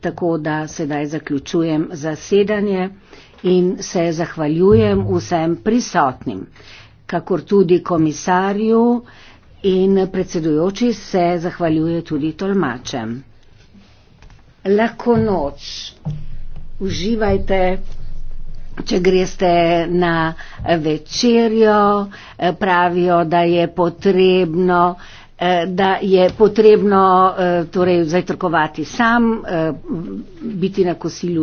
tako da sedaj zaključujem zasedanje in se zahvaljujem vsem prisotnim, kakor tudi komisarju in predsedujoči se zahvaljuje tudi tolmačem. Lahko noč. Uživajte, če greste na večerjo, pravijo, da je potrebno Eh, da je potrebno eh, torej zajtrkovati sam, eh, biti na kosilu.